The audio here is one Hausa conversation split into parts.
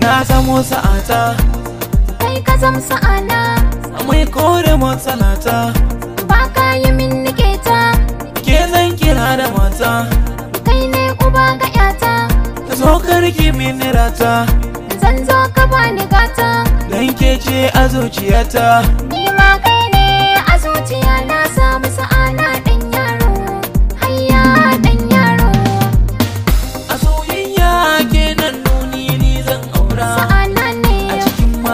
Na zamo sa'ata Kai ka zam sa'ana Amai kore matsalata Ba ka yi min nike ta Ke zan kira da mata Kai ne uba ga yata Ka zo ka min nirata Zan zo ka bani gata Dan ke ce a zuciyata Ni ma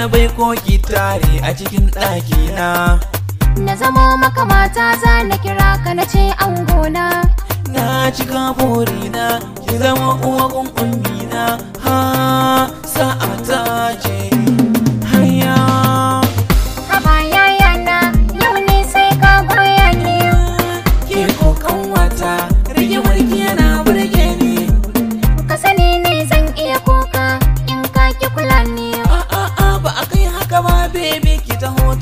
na bai ko tare a cikin ɗaki na na zamo maka mata za na kira ka na ce gona. na cika burina ki zama uwa na ha sa'a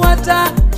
water